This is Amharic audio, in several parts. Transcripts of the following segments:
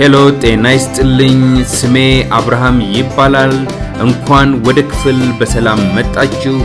ሄሎ ጤና ይስጥልኝ። ስሜ አብርሃም ይባላል። እንኳን ወደ ክፍል በሰላም መጣችሁ።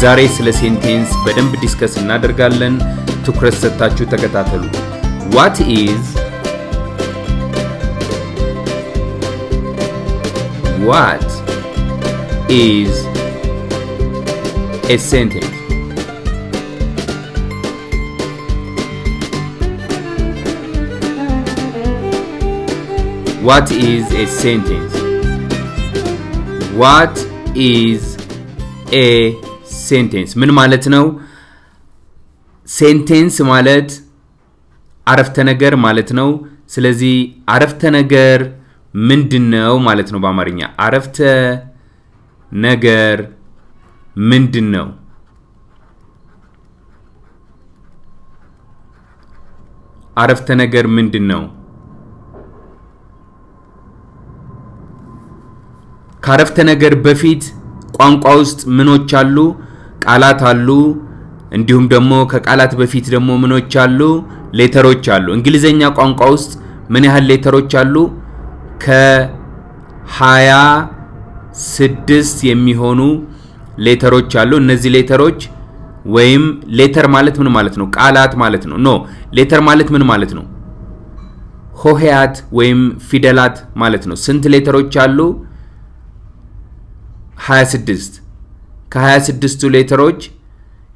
ዛሬ ስለ ሴንቴንስ በደንብ ዲስከስ እናደርጋለን። ትኩረት ሰጥታችሁ ተከታተሉ። ዋት ኢዝ፣ ዋት ኢዝ ኤ What is a sentence? What is a sentence? ምን ማለት ነው? ሴንቴንስ ማለት አረፍተ ነገር ማለት ነው። ስለዚህ አረፍተ ነገር ምንድን ነው ማለት ነው በአማርኛ አረፍተ ነገር ምንድን ነው? አረፍተ ነገር ምንድን ነው? ከአረፍተ ነገር በፊት ቋንቋ ውስጥ ምኖች አሉ፣ ቃላት አሉ። እንዲሁም ደግሞ ከቃላት በፊት ደግሞ ምኖች አሉ፣ ሌተሮች አሉ። እንግሊዘኛ ቋንቋ ውስጥ ምን ያህል ሌተሮች አሉ? ከሀያ ስድስት የሚሆኑ ሌተሮች አሉ። እነዚህ ሌተሮች ወይም ሌተር ማለት ምን ማለት ነው? ቃላት ማለት ነው። ኖ ሌተር ማለት ምን ማለት ነው? ሆሄያት ወይም ፊደላት ማለት ነው። ስንት ሌተሮች አሉ? 26 ከ26ቱ ሌተሮች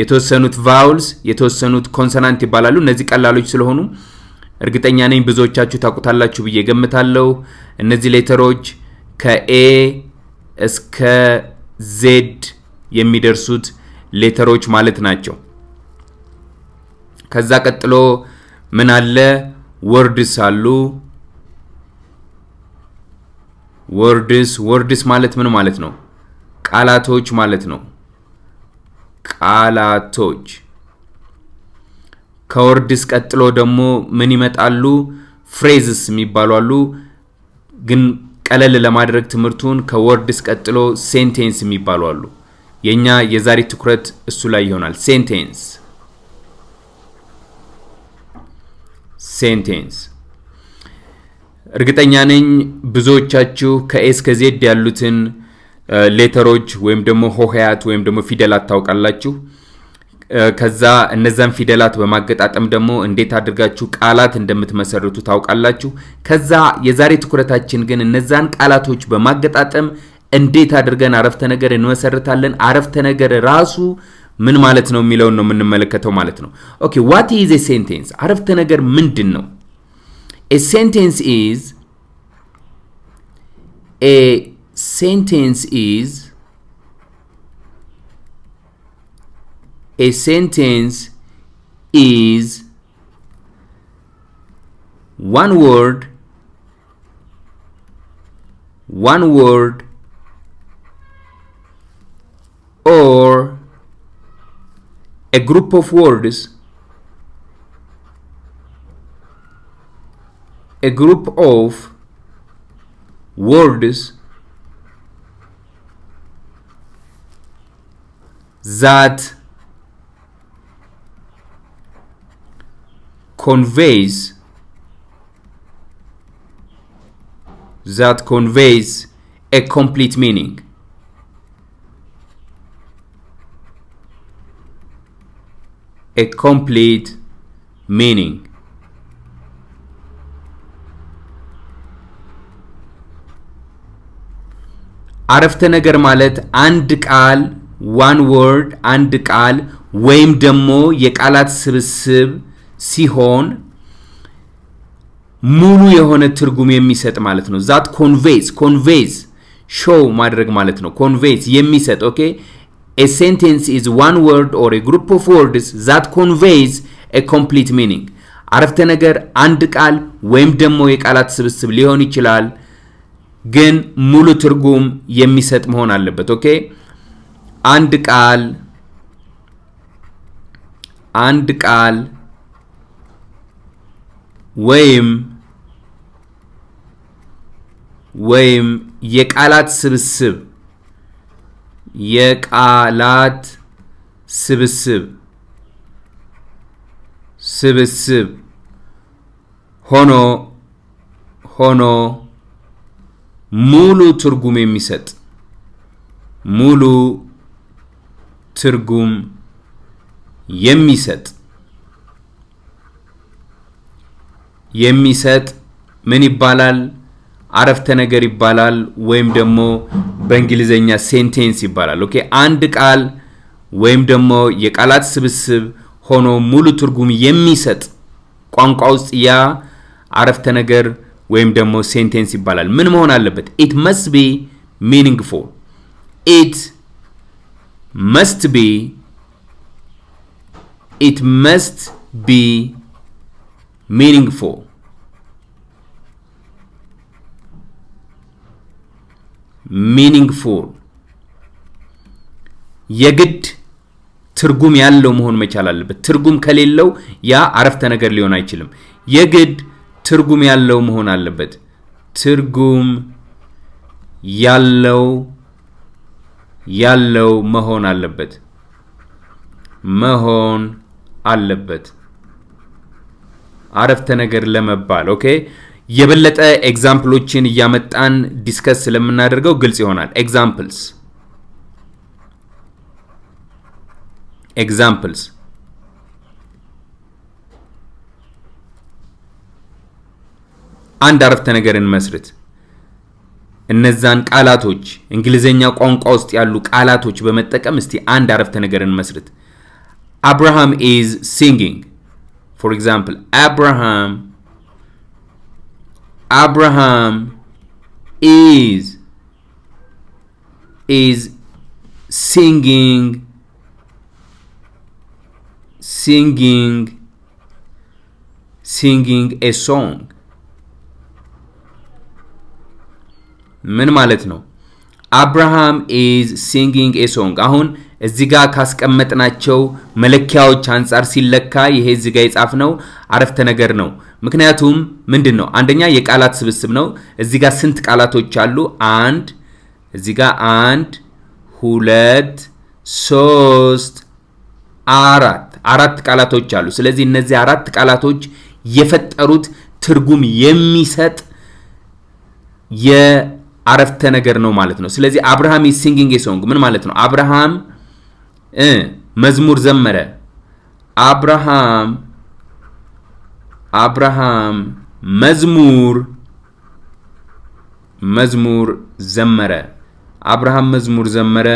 የተወሰኑት ቫውልስ የተወሰኑት ኮንሰናንት ይባላሉ። እነዚህ ቀላሎች ስለሆኑ እርግጠኛ ነኝ ብዙዎቻችሁ ታውቁታላችሁ ብዬ ገምታለሁ። እነዚህ ሌተሮች ከኤ እስከ ዜድ የሚደርሱት ሌተሮች ማለት ናቸው። ከዛ ቀጥሎ ምን አለ? ወርድስ አሉ። ወርድስ ወርድስ ማለት ምን ማለት ነው? ቃላቶች ማለት ነው። ቃላቶች ከወርድስ ቀጥሎ ደግሞ ምን ይመጣሉ? ፍሬዝስ የሚባሉ አሉ። ግን ቀለል ለማድረግ ትምህርቱን ከወርድስ ቀጥሎ ሴንቴንስ የሚባሉ አሉ። የእኛ የዛሬ ትኩረት እሱ ላይ ይሆናል። ሴንቴንስ ሴንቴንስ እርግጠኛ ነኝ ብዙዎቻችሁ ከኤስ ከዜድ ዜድ ያሉትን ሌተሮች ወይም ደግሞ ሆሄያት ወይም ደግሞ ፊደላት ታውቃላችሁ። ከዛ እነዛን ፊደላት በማገጣጠም ደግሞ እንዴት አድርጋችሁ ቃላት እንደምትመሰርቱ ታውቃላችሁ። ከዛ የዛሬ ትኩረታችን ግን እነዛን ቃላቶች በማገጣጠም እንዴት አድርገን አረፍተ ነገር እንመሰርታለን፣ አረፍተ ነገር ራሱ ምን ማለት ነው የሚለውን ነው የምንመለከተው ማለት ነው። ኦኬ ዋት ኢዝ ኤ ሴንቴንስ? አረፍተ ነገር ምንድን ነው? ኤ ሴንቴንስ ኢዝ ኤ sentence is a sentence is one word one word or a group of words a group of words that conveys that conveys a complete meaning a complete meaning አረፍተ ነገር ማለት አንድ ቃል ዋን ወርድ አንድ ቃል ወይም ደግሞ የቃላት ስብስብ ሲሆን ሙሉ የሆነ ትርጉም የሚሰጥ ማለት ነው። ዛት ኮንቬይዝ ኮንቬይዝ ሾው ማድረግ ማለት ነው። ኮንቬይዝ የሚሰጥ ኦኬ ኤ ሴንቴንስ ኢዝ ዋን ወርድ ኦር ኤ ግሩፕ ኦፍ ወርድስ ዛት ኮንቬይዝ ኤ ኮምፕሊት ሚኒንግ አረፍተ ነገር አንድ ቃል ወይም ደግሞ የቃላት ስብስብ ሊሆን ይችላል፣ ግን ሙሉ ትርጉም የሚሰጥ መሆን አለበት። ኦኬ አንድ ቃል አንድ ቃል ወይም ወይም የቃላት ስብስብ የቃላት ስብስብ ስብስብ ሆኖ ሆኖ ሙሉ ትርጉም የሚሰጥ ሙሉ ትርጉም የሚሰጥ የሚሰጥ ምን ይባላል? አረፍተ ነገር ይባላል። ወይም ደግሞ በእንግሊዘኛ ሴንቴንስ ይባላል። ኦኬ አንድ ቃል ወይም ደግሞ የቃላት ስብስብ ሆኖ ሙሉ ትርጉም የሚሰጥ ቋንቋ ውስጥ ያ አረፍተ ነገር ወይም ደግሞ ሴንቴንስ ይባላል። ምን መሆን አለበት? ኢት መስቢ ሚኒንግፉል ኢት must be, it must be meaningful. meaningful የግድ ትርጉም ያለው መሆን መቻል አለበት። ትርጉም ከሌለው ያ አረፍተ ነገር ሊሆን አይችልም። የግድ ትርጉም ያለው መሆን አለበት። ትርጉም ያለው ያለው መሆን አለበት መሆን አለበት አረፍተ ነገር ለመባል ኦኬ የበለጠ ኤግዛምፕሎችን እያመጣን ዲስከስ ስለምናደርገው ግልጽ ይሆናል። ኤግዛምፕልስ ኤግዛምፕልስ አንድ አረፍተ ነገርን መስርት እነዛን ቃላቶች እንግሊዘኛ ቋንቋ ውስጥ ያሉ ቃላቶች በመጠቀም እስቲ አንድ አረፍተ ነገርን መስርት። አብርሃም ኢዝ ሲንጊንግ ፎር ኤግዛምፕል አብርሃም አብርሃም ኢዝ ኢዝ ሲንጊንግ ሲንጊንግ ሲንጊንግ ኤ ሶንግ ምን ማለት ነው? አብርሃም ኢዝ ሲንጊንግ ኤ ሶንግ። አሁን እዚህ ጋር ካስቀመጥናቸው መለኪያዎች አንጻር ሲለካ ይሄ እዚህ ጋር የጻፍነው አረፍተ ነገር ነው። ምክንያቱም ምንድን ነው? አንደኛ የቃላት ስብስብ ነው። እዚህ ጋር ስንት ቃላቶች አሉ? አንድ እዚህ ጋር አንድ፣ ሁለት፣ ሶስት፣ አራት አራት ቃላቶች አሉ። ስለዚህ እነዚህ አራት ቃላቶች የፈጠሩት ትርጉም የሚሰጥ አረፍተ ነገር ነው ማለት ነው። ስለዚህ አብርሃም ኢዝ ሲንጊንግ ሶንግ ምን ማለት ነው? አብርሃም መዝሙር ዘመረ። አብርሃም አብርሃም መዝሙር መዝሙር ዘመረ። አብርሃም መዝሙር ዘመረ።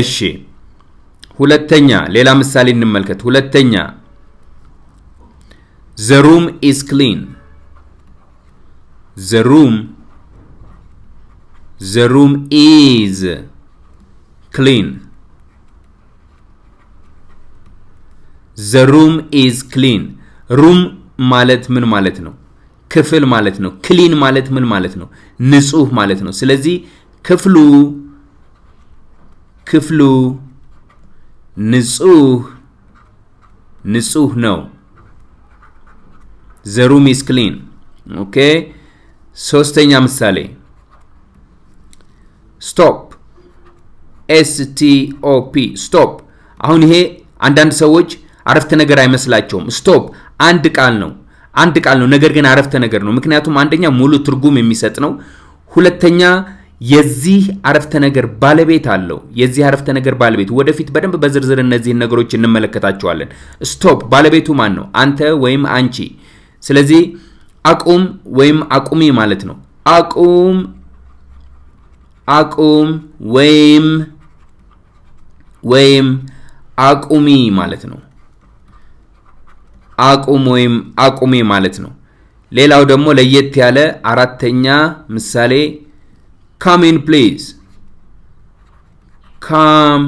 እሺ፣ ሁለተኛ ሌላ ምሳሌ እንመልከት። ሁለተኛ ዘሩም ኢስ ኢዝ ክሊን ዘሩም The room is clean. The room is clean. ሩም ማለት ምን ማለት ነው? ክፍል ማለት ነው። ክሊን ማለት ምን ማለት ነው? ንጹህ ማለት ነው። ስለዚህ ክፍሉ ክፍሉ ንጹህ ንጹህ ነው። ዘ ሩም ኢዝ ክሊን። ኦኬ። ሶስተኛ ምሳሌ ስቶፕ ኤስቲኦፒ ስቶፕ። አሁን ይሄ አንዳንድ ሰዎች አረፍተ ነገር አይመስላቸውም። ስቶፕ አንድ ቃል ነው፣ አንድ ቃል ነው፣ ነገር ግን አረፍተ ነገር ነው። ምክንያቱም አንደኛ ሙሉ ትርጉም የሚሰጥ ነው፣ ሁለተኛ የዚህ አረፍተ ነገር ባለቤት አለው። የዚህ አረፍተ ነገር ባለቤት ወደፊት በደንብ በዝርዝር እነዚህን ነገሮች እንመለከታቸዋለን። ስቶፕ ባለቤቱ ማን ነው? አንተ ወይም አንቺ። ስለዚህ አቁም ወይም አቁሚ ማለት ነው። አቁም አቁም ወይም ወይም አቁሚ ማለት ነው። አቁም ወይም አቁሚ ማለት ነው። ሌላው ደግሞ ለየት ያለ አራተኛ ምሳሌ ካም ኢን ፕሊዝ፣ ካም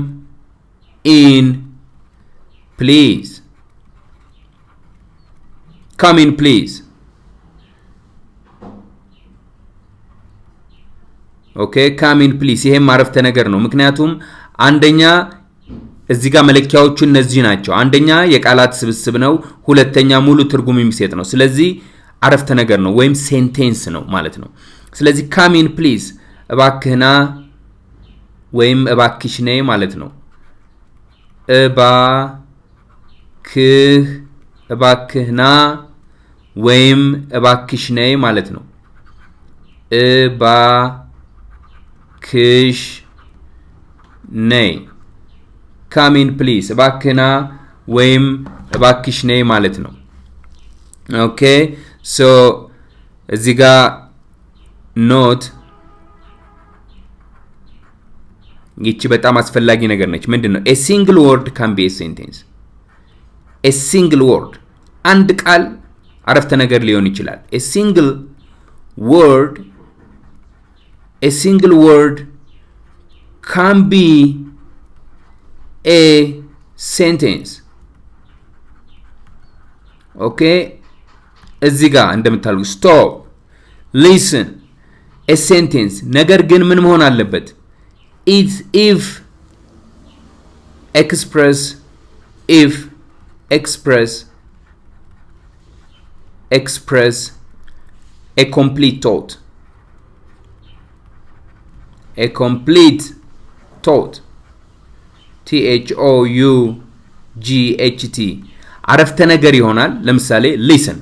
ኢን ፕሊዝ፣ ካም ኢን ፕሊዝ ኦኬ ካሚን ፕሊስ። ይሄም አረፍተ ነገር ነው። ምክንያቱም አንደኛ እዚህ ጋር መለኪያዎቹ እነዚህ ናቸው። አንደኛ የቃላት ስብስብ ነው። ሁለተኛ ሙሉ ትርጉም የሚሰጥ ነው። ስለዚህ አረፍተ ነገር ነው ወይም ሴንቴንስ ነው ማለት ነው። ስለዚህ ካሚን ፕሊዝ እባክህና ወይም እባክሽ ነይ ማለት ነው። እባክህ እባክህና ወይም እባክሽ ነይ ማለት ነው። እባ ክሽ ነይ ካሚን ፕሊስ እባክህና ወይም እባክሽ ነይ ማለት ነው። ኦኬ ሶ እዚህ ጋ ኖት ይቺ በጣም አስፈላጊ ነገር ነች። ምንድን ነው ሲንግል ወርድ ካን ቢ ሴንቴንስ። ሲንግል ወርድ አንድ ቃል አረፍተ ነገር ሊሆን ይችላል። ኤ ሲንግል ወርድ a single word can be a sentence ኦኬ እዚህ ጋር እንደምታሉ ስቶፕ ሊስን ኤ ሴንቴንስ ነገር ግን ምን መሆን አለበት? ኢት ኢፍ ኤክስፕረስ ኢፍ ኤክስፕረስ ኤክስፕረስ ኤ ኮምፕሊት ቶት a complete thought t h o u g h t አረፍተ ነገር ይሆናል። ለምሳሌ ሊስን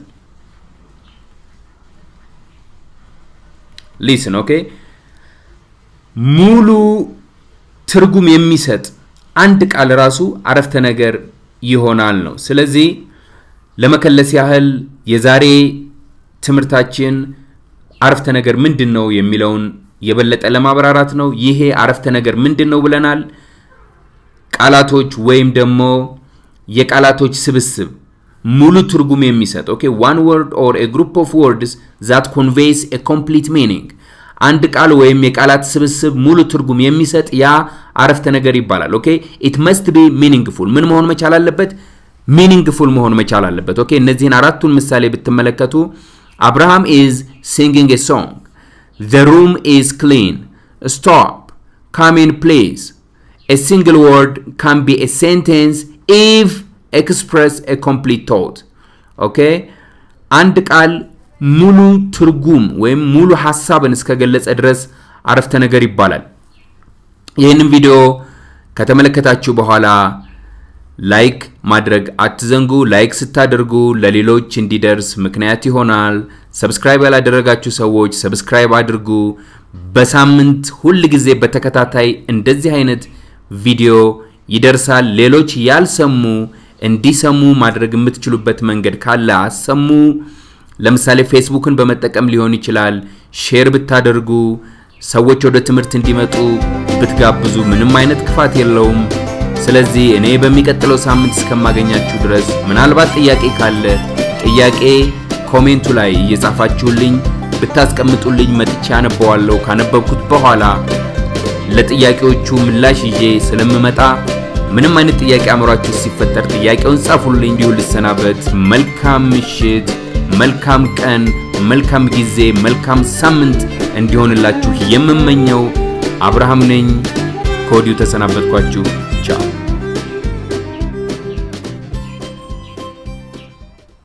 ሊስን ኦኬ ሙሉ ትርጉም የሚሰጥ አንድ ቃል ራሱ አረፍተ ነገር ይሆናል ነው። ስለዚህ ለመከለስ ያህል የዛሬ ትምህርታችን አረፍተ ነገር ምንድን ነው የሚለውን የበለጠ ለማብራራት ነው። ይሄ አረፍተ ነገር ምንድን ነው ብለናል። ቃላቶች ወይም ደግሞ የቃላቶች ስብስብ ሙሉ ትርጉም የሚሰጥ ኦኬ ዋን ወርድ ኦር ኤ ግሩፕ ኦፍ ወርድስ ዛት ኮንቬይስ ኤ ኮምፕሊት ሚኒንግ አንድ ቃል ወይም የቃላት ስብስብ ሙሉ ትርጉም የሚሰጥ ያ አረፍተ ነገር ይባላል። ኦኬ ኢት መስት ቢ ሚኒንግፉል ምን መሆን መቻል አለበት? ሚኒንግፉል መሆን መቻል አለበት። ኦኬ እነዚህን አራቱን ምሳሌ ብትመለከቱ አብርሃም ኢዝ ሲንግንግ ኤ ሶንግ The room is clean. Stop. Come in, please. A single word can be a sentence if express a complete thought. Okay? አንድ ቃል ሙሉ ትርጉም ወይም ሙሉ ሀሳብን እስከገለጸ ድረስ አረፍተ ነገር ይባላል። ይህንን ቪዲዮ ከተመለከታችሁ በኋላ ላይክ ማድረግ አትዘንጉ። ላይክ ስታደርጉ ለሌሎች እንዲደርስ ምክንያት ይሆናል። ሰብስክራይብ ያላደረጋችሁ ሰዎች ሰብስክራይብ አድርጉ። በሳምንት ሁል ጊዜ በተከታታይ እንደዚህ አይነት ቪዲዮ ይደርሳል። ሌሎች ያልሰሙ እንዲሰሙ ማድረግ የምትችሉበት መንገድ ካለ አሰሙ። ለምሳሌ ፌስቡክን በመጠቀም ሊሆን ይችላል። ሼር ብታደርጉ ሰዎች ወደ ትምህርት እንዲመጡ ብትጋብዙ ምንም አይነት ክፋት የለውም። ስለዚህ እኔ በሚቀጥለው ሳምንት እስከማገኛችሁ ድረስ ምናልባት ጥያቄ ካለ ጥያቄ ኮሜንቱ ላይ እየጻፋችሁልኝ ብታስቀምጡልኝ መጥቼ አነበዋለሁ። ካነበብኩት በኋላ ለጥያቄዎቹ ምላሽ ይዤ ስለምመጣ ምንም አይነት ጥያቄ አእምሯችሁ ሲፈጠር ጥያቄውን ጻፉልኝ። እንዲሁ ልሰናበት። መልካም ምሽት፣ መልካም ቀን፣ መልካም ጊዜ፣ መልካም ሳምንት እንዲሆንላችሁ የምመኘው አብርሃም ነኝ። ከወዲሁ ተሰናበትኳችሁ። ቻው